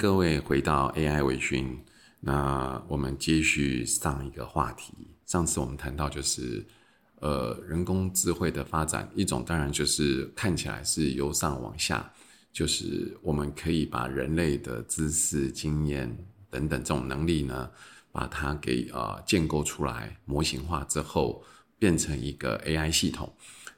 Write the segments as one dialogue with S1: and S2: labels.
S1: 各位回到 AI 微醺，那我們繼續上一個話題。上次我們談到就是，呃，人工智慧的發展，一種當然就是看起來是由上往下，就是我們可以把人類的知識、經驗等等這種能力呢，把它給啊、呃、建構出來，模型化之後變成一個 AI 系統。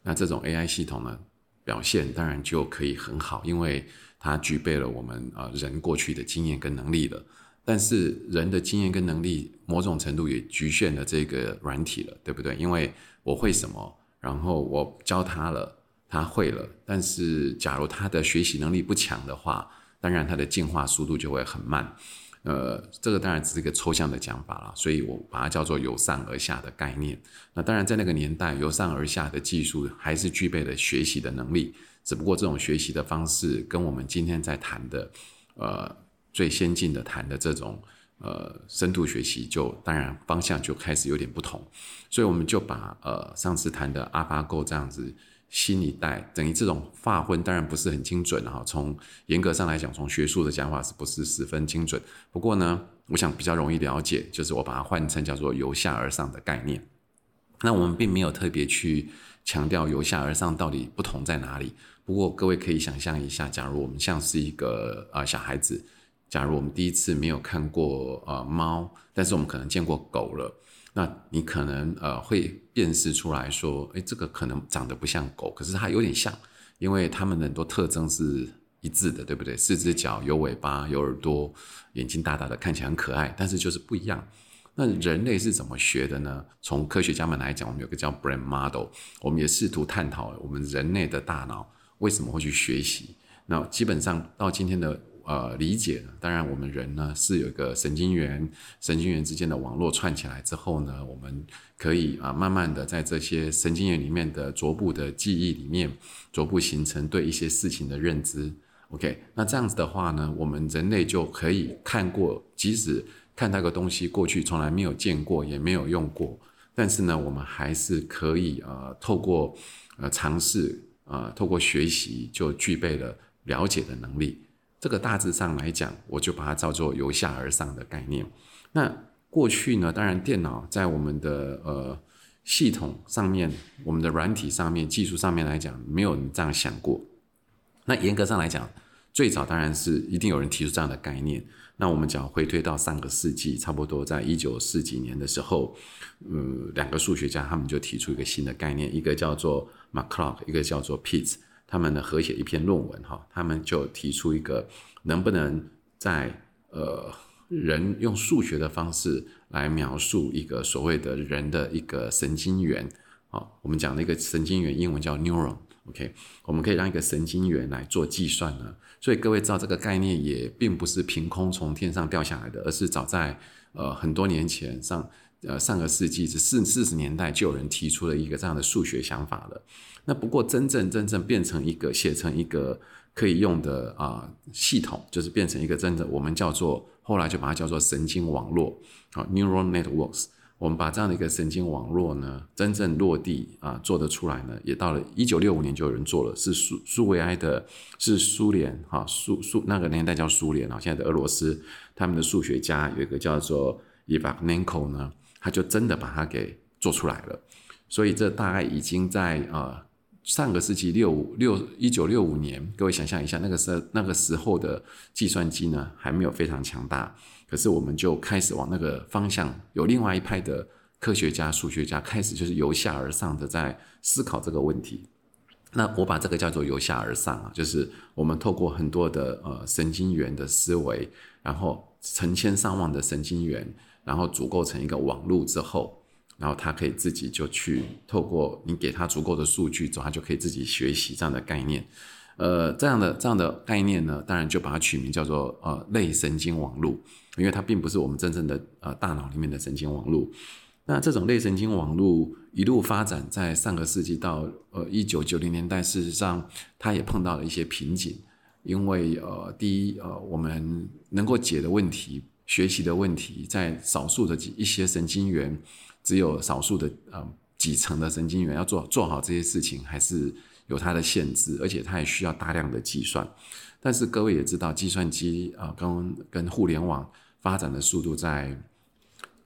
S1: 那這種 AI 系統呢？表現當然就可以很好，因為它具備了我們啊、呃、人過去的經驗跟能力了。但是人的經驗跟能力某種程度也局限了這個軟體了，對不對？因為我會什麼，然後我教他了，他會了。但是假如他的學習能力不強的話，當然他的進化速度就會很慢。呃，這個當然只是一個抽象的講法啦，所以我把它叫做由上而下的概念。那當然，在那個年代，由上而下的技術還是具備了學習的能力，只不過這種學習的方式跟我們今天在談的，呃，最先進的談的這種呃深度學習就，就當然方向就開始有點不同。所以我們就把呃上次談的阿法狗這樣子。新一代等於這種劃分，當然不是很精準哈，從嚴格上來講，從學術的講法是不是十分精準？不過呢，我想比較容易了解，就是我把它換成叫做由下而上的概念。那我們並沒有特別去強調由下而上到底不同在哪裡。不過各位可以想象一下，假如我們像是一個啊、呃、小孩子，假如我們第一次沒有看過啊、呃、貓，但是我們可能見過狗了。那你可能呃會辨識出來說，誒，這個可能長得不像狗，可是它有點像，因為它們的很多特徵是一致的，對不對？四隻腳，有尾巴，有耳朵，眼睛大大的，看起來很可愛，但是就是不一樣。那人類是怎麼學的呢？從科學家們來講，我們有個叫 brain model，我們也試圖探討我們人類的大腦為什麼會去學習。那基本上到今天的。呃，理解呢，當然，我們人呢是有一個神經元，神經元之間的網絡串起來之後呢，我們可以啊、呃，慢慢的在這些神經元裡面的逐步的記憶裡面，逐步形成對一些事情的認知。OK，那這樣子的話呢，我們人類就可以看過，即使看到個東西過去從來沒有見過，也沒有用過，但是呢，我們還是可以啊、呃，透過呃嘗試啊、呃，透過學習，就具備了了解的能力。這個大致上來講，我就把它叫做由下而上的概念。那過去呢，當然電腦在我們的呃系統上面、我們的軟體上面、技術上面來講，沒有人這樣想過。那嚴格上來講，最早當然是一定有人提出這樣的概念。那我們只要回推到上個世紀，差不多在一九四幾年的時候，嗯，兩個數學家他們就提出一個新的概念，一個叫做 McCulloch，一個叫做 Pitts。他們的合寫一篇論文哈，他們就提出一個能不能在呃人用數學的方式來描述一個所謂的人的一個神經元。我們講那個神經元英文叫 neuron，OK，okay? 我們可以讓一個神經元來做計算呢，所以各位知道這個概念也並不是憑空從天上掉下來的，而是早在呃很多年前上。呃，上個世紀是四四十年代，就有人提出了一個這樣的數學想法了。那不過真正真正變成一個寫成一個可以用的啊、呃、系統，就是變成一個真正我們叫做後來就把它叫做神經網絡啊，neural networks。我們把這樣的一個神經網絡呢，真正落地啊做得出來呢，也到了一九六五年就有人做了，是蘇蘇維埃的，是蘇聯哈、啊、蘇蘇那個年代叫蘇聯啊，現在的俄羅斯，他們的數學家有一個叫做 Ivanenko 呢。他就真的把它給做出來了，所以這大概已經在呃上個世紀六五六一九六五年，各位想象一下，那個時候那個時候的計算機呢還沒有非常強大，可是我們就開始往那個方向，有另外一派的科學家、數學家開始就是由下而上的在思考這個問題。那我把這個叫做由下而上啊，就是我們透過很多的呃神經元的思維，然後成千上萬的神經元。然後組構成一個網絡之後，然後它可以自己就去透過你給它足夠的數據走，它就可以自己學習這樣的概念。呃，這樣的這樣的概念呢，當然就把它取名叫做呃類神經網絡，因為它並不是我們真正的呃大腦裡面的神經網絡。那這種類神經網絡一路發展，在上個世紀到呃一九九零年代，事實上它也碰到了一些瓶頸，因為呃第一呃我們能夠解的問題。學習的問題，在少數的幾一些神經元，只有少數的、呃、幾層的神經元，要做做好這些事情，還是有它的限制，而且它也需要大量的計算。但是各位也知道，計算機啊、呃，跟跟互聯網發展的速度在。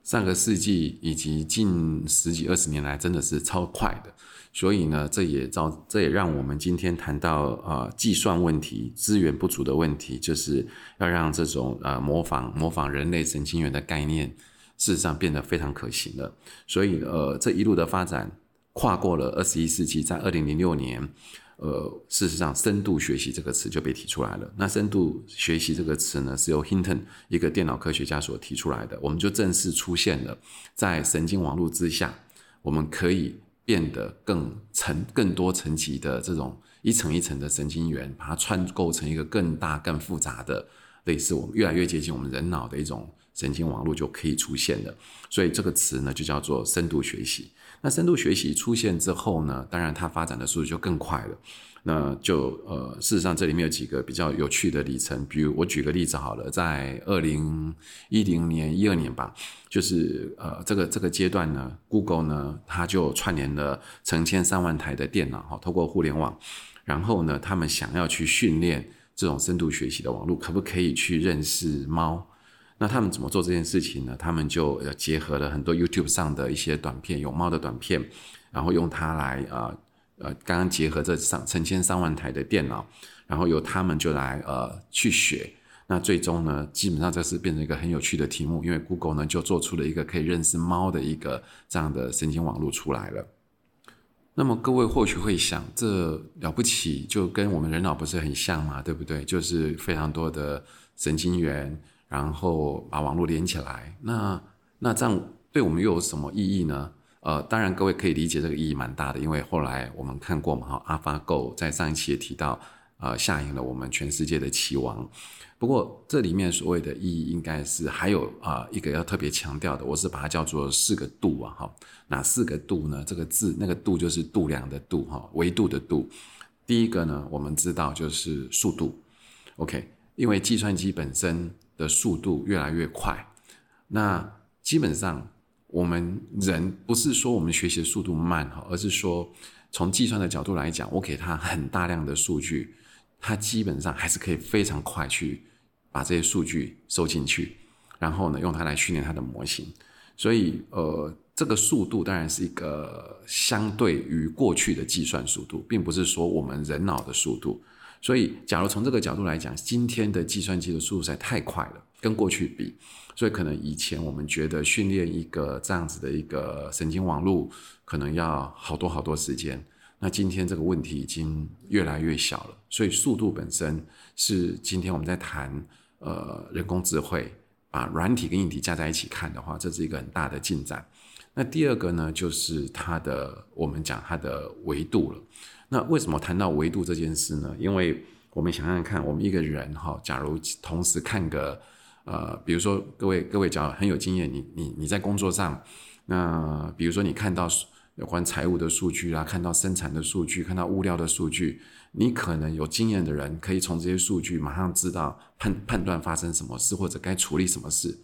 S1: 上個世紀以及近十幾二十年來，真的是超快的，所以呢，這也造，這也讓我們今天談到啊、呃，計算問題、資源不足的問題，就是要讓這種、呃、模仿模仿人類神經元的概念，事實上變得非常可行了。所以呃，這一路的發展跨過了二十一世紀，在二零零六年。呃，事實上，“深度學習”這個詞就被提出來了。那“深度學習”這個詞呢，是由 Hinton 一個電腦科學家所提出來的。我們就正式出現了，在神經網絡之下，我們可以變得更層、更多層級的這種一層一層的神經元，把它串構成一個更大、更複雜的，類似我們越來越接近我們人腦的一種。神經網絡就可以出現了，所以這個詞呢就叫做深度學習。那深度學習出現之後呢，當然它發展的速度就更快了。那就呃，事實上這裡面有幾個比較有趣的里程，比如我舉個例子好了，在二零一零年、一二年吧，就是呃這個這個階段呢，Google 呢它就串聯了成千上萬台的電腦，哈，透過互聯網，然後呢，他們想要去訓練這種深度學習的網絡，可不可以去認識貓？那他們怎麼做這件事情呢？他們就結合了很多 YouTube 上的一些短片，有貓的短片，然後用它來啊呃，呃，剛剛結合這上成千上萬台的電腦，然後由他們就來呃去學。那最終呢，基本上這是變成一個很有趣的題目，因為 Google 呢就做出了一個可以認識貓的一個這樣的神經網絡出來了。那麼各位或許會想，這了不起，就跟我們人腦不是很像嘛，對不對？就是非常多的神經元。然後把網絡連起來，那那這樣對我們又有什麼意義呢？呃，當然各位可以理解這個意義蠻大的，因為後來我們看過嘛，哈，AlphaGo 在上一期也提到，呃，下贏了我們全世界的棋王。不過這裡面所謂的意義，應該是還有啊、呃、一個要特別強調的，我是把它叫做四個度啊，哈，哪四個度呢？這個字那個度就是度量的度，哈，維度的度。第一個呢，我們知道就是速度，OK，因為計算機本身。的速度越來越快，那基本上我們人不是說我們學習的速度慢哈，而是說，從計算的角度來講，我給他很大量的數據，他基本上還是可以非常快去把這些數據收進去，然後呢，用它來訓練它的模型。所以呃，這個速度當然是一個相對於過去的計算速度，並不是說我們人腦的速度。所以，假如從這個角度來講，今天的計算機的速度實在太快了，跟過去比。所以，可能以前我們覺得訓練一個這樣子的一個神經網絡，可能要好多好多時間。那今天這個問題已經越來越小了。所以，速度本身是今天我們在談呃，人工智慧把軟體跟硬體加在一起看的話，這是一個很大的進展。那第二個呢，就是它的我們講它的維度了。那為什麼談到維度這件事呢？因為我們想想看，我們一個人哈，假如同時看個呃，比如說各位，各位講很有經驗，你你你在工作上，那比如說你看到有關財務的數據啊，看到生產的數據，看到物料的數據，你可能有經驗的人可以從這些數據馬上知道判判斷發生什麼事，或者該處理什麼事。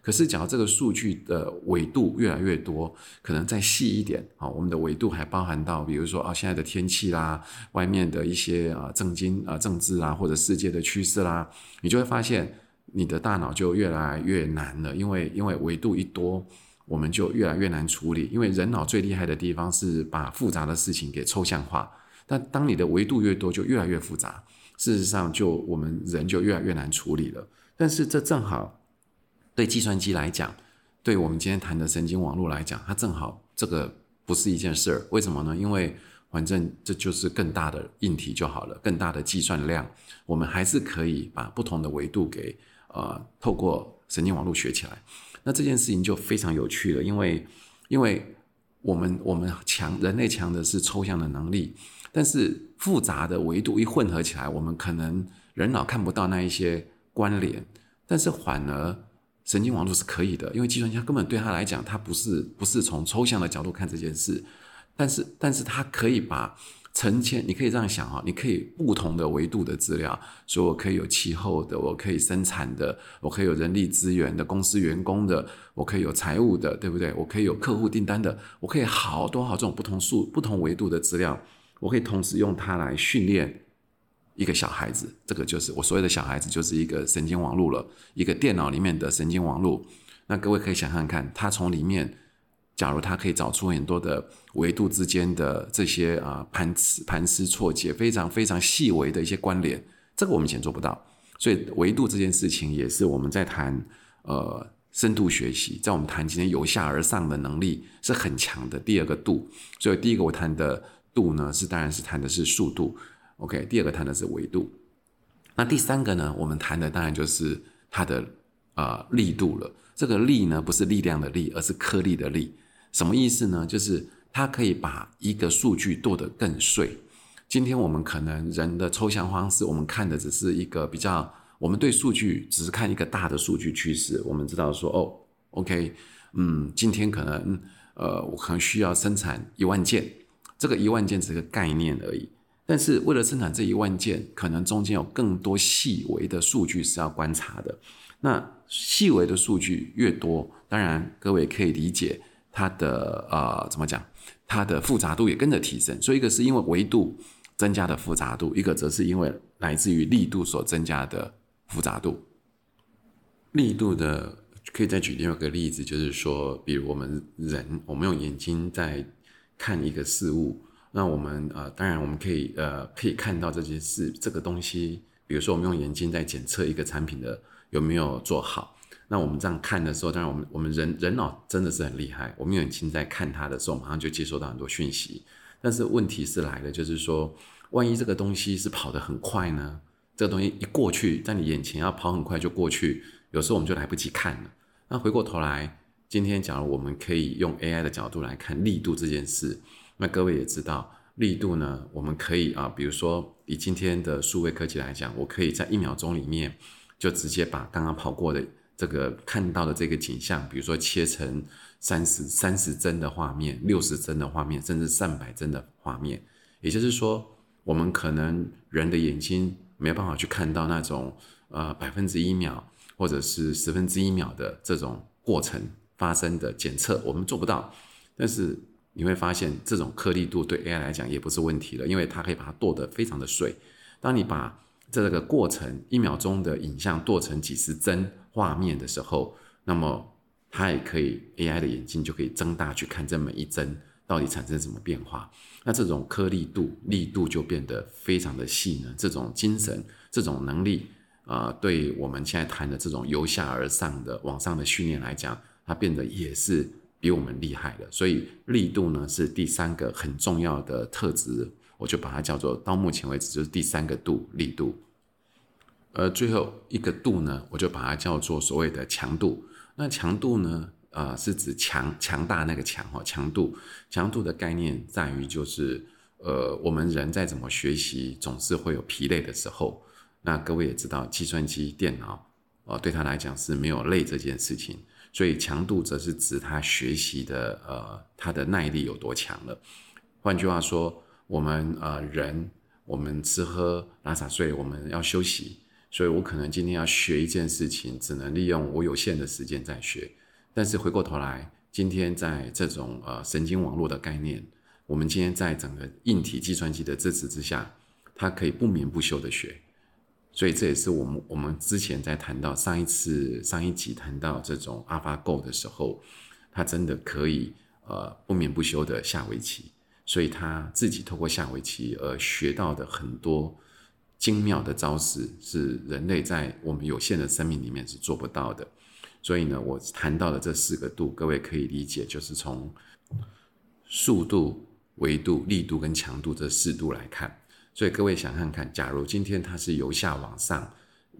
S1: 可是，講到這個數據的維度越來越多，可能再細一點啊、哦，我們的維度還包含到，比如說啊，現在的天氣啦，外面的一些啊，政經啊、政治啦，或者世界的趨勢啦，你就會發現，你的大腦就越來越難了，因為因為維度一多，我們就越來越難處理，因為人腦最厲害的地方是把複雜的事情給抽象化，但當你的維度越多，就越來越複雜，事實上就，就我們人就越來越難處理了，但是這正好。對計算機來講，對我們今天談的神經網絡來講，它正好這個不是一件事兒，為什麼呢？因為反正這就是更大的硬體就好了，更大的計算量，我們還是可以把不同的維度給呃，透過神經網絡學起來。那這件事情就非常有趣了，因為因為我們我們強人類強的是抽象的能力，但是複雜的維度一混合起來，我們可能人腦看不到那一些關聯，但是反而。神經網絡是可以的，因為計算機它根本對他來講，它不是不是從抽象的角度看這件事，但是但是他可以把成千，你可以這樣想啊、哦，你可以不同的維度的資料，說我可以有氣候的，我可以生產的，我可以有人力資源的，公司員工的，我可以有財務的，對不對？我可以有客戶訂單的，我可以好多好這種不同數不同維度的資料，我可以同時用它來訓練。一個小孩子，這個就是我所謂的小孩子，就是一個神經網絡了，一個電腦裡面的神經網絡。那各位可以想象，看，他從裡面，假如他可以找出很多的維度之間的這些啊盤絲盤絲錯節非常非常細微的一些關聯，這個我們以前做不到。所以維度這件事情也是我們在談呃深度學習，在我們談今天由下而上的能力是很強的。第二個度，所以第一個我談的度呢，是當然是談的是速度。OK，第二個談的是維度，那第三個呢？我們談的當然就是它的呃粒度了。這個粒呢，不是力量的力，而是顆粒的粒。什麼意思呢？就是它可以把一個數據剁得更碎。今天我們可能人的抽象方式，我們看的只是一個比較，我們對數據只是看一個大的數據趨勢。我們知道說哦，OK，嗯，今天可能呃，我可能需要生產一萬件，這個一萬件只是個概念而已。但是，為了生產這一萬件，可能中間有更多細微的數據是要觀察的。那細微的數據越多，當然各位可以理解它的呃，怎麼講？它的複雜度也跟着提升。所以，一個是因為維度增加的複雜度，一個則是因為來自於粒度所增加的複雜度。粒度的可以再舉另外一個例子，就是說，比如我們人，我們用眼睛在看一個事物。那我們呃，當然我們可以呃，可以看到這件事，這個東西，比如說我們用眼睛在檢測一個產品的有沒有做好。那我們這樣看的時候，當然我們我們人人腦真的是很厲害，我們眼睛在看它的時候，馬上就接收到很多訊息。但是問題是來了，就是說，萬一這個東西是跑得很快呢？這個東西一過去，在你眼前要跑很快就過去，有時候我們就來不及看了。那回過頭來，今天假如我們可以用 AI 的角度來看粒度這件事。那各位也知道，粒度呢，我們可以啊，比如說以今天的數位科技來講，我可以在一秒鐘裡面就直接把剛剛跑過的這個看到的這個景象，比如說切成三十三十幀的畫面、六十幀的畫面，甚至上百幀的畫面。也就是說，我們可能人的眼睛沒有辦法去看到那種呃百分之一秒或者是十分之一秒的這種過程發生的檢測，我們做不到，但是。你會發現，這種顆粒度對 AI 來講也不是問題了，因為它可以把它剁得非常的碎。當你把這個過程一秒鐘的影像剁成幾十幀畫面的時候，那麼它也可以 AI 的眼睛就可以睜大去看這麼一幀到底產生什麼變化。那這種顆粒度、粒度就變得非常的細呢，這種精神、這種能力啊、呃，對我們現在談的這種由下而上的往上的訓練來講，它變得也是。比我們厲害的，所以粒度呢是第三個很重要的特質，我就把它叫做到目前為止就是第三個度，粒度。呃，最後一個度呢，我就把它叫做所謂的強度。那強度呢，啊、呃、是指強強大那個強哦，強度。強度的概念在於就是，呃，我們人再怎麼學習，總是會有疲累的時候。那各位也知道，計算機、電腦，呃，對它來講是沒有累這件事情。所以強度則是指他學習的，呃，他的耐力有多強了。換句話說，我們呃，人，我們吃喝拉撒睡，我們要休息，所以我可能今天要學一件事情，只能利用我有限的時間在學。但是回過頭來，今天在這種呃，神經網絡的概念，我們今天在整個硬體計算機的支持之下，它可以不眠不休的學。所以這也是我們我們之前在談到上一次上一集談到這種 AlphaGo 的時候，他真的可以呃不眠不休的下圍棋，所以他自己透過下圍棋而學到的很多精妙的招式，是人類在我們有限的生命裡面是做不到的。所以呢，我談到的這四個度，各位可以理解，就是從速度、維度、粒度跟強度這四度來看。所以各位想看看，假如今天它是由下往上，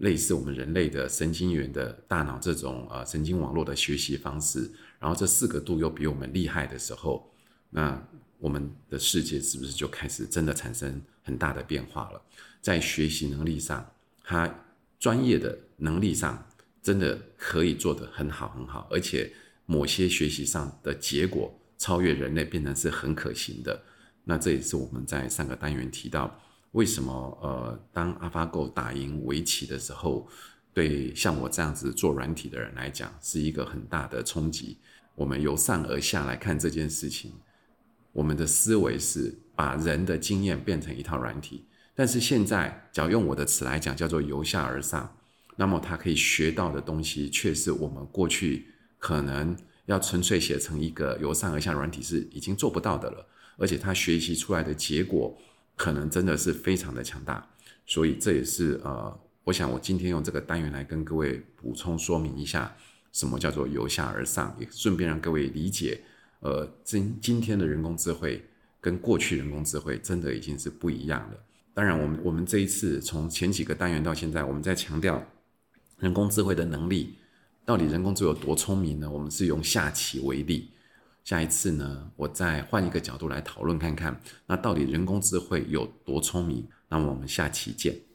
S1: 類似我們人類的神經元的大腦這種呃神經網絡的學習方式，然後這四個度又比我們厲害的時候，那我們的世界是不是就開始真的產生很大的變化了？在學習能力上，它專業的能力上，真的可以做得很好很好，而且某些學習上的結果超越人類，變成是很可行的。那這也是我們在上個單元提到，為什麼呃，當阿 l p 打贏圍棋的時候，對像我這樣子做軟體的人來講，是一個很大的衝擊。我們由上而下來看這件事情，我們的思維是把人的經驗變成一套軟體。但是現在，只要用我的詞來講，叫做由下而上。那麼他可以學到的東西，卻是我們過去可能要純粹寫成一個由上而下軟體是已經做不到的了。而且他學習出來的結果，可能真的是非常的強大，所以這也是呃，我想我今天用這個單元來跟各位補充說明一下，什麼叫做由下而上，也順便讓各位理解，呃，今今天的人工智慧跟過去人工智慧真的已經是不一樣了。當然，我們我們這一次從前幾個單元到現在，我們在強調人工智慧的能力，到底人工智慧有多聰明呢？我們是用下棋為例。下一次呢，我再換一個角度來討論看看，那到底人工智慧有多聰明？那麼我們下期見。